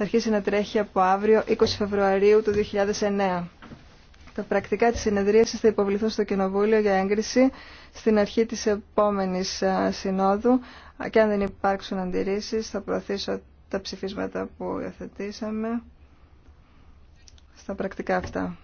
θα αρχίσει να τρέχει από αύριο 20 Φεβρουαρίου του 2009. Τα πρακτικά της συνεδρίασης θα υποβληθούν στο Κοινοβούλιο για έγκριση στην αρχή της επόμενης συνόδου και αν δεν υπάρξουν αντιρρήσεις θα προωθήσω τα ψηφίσματα που υιοθετήσαμε στα πρακτικά αυτά.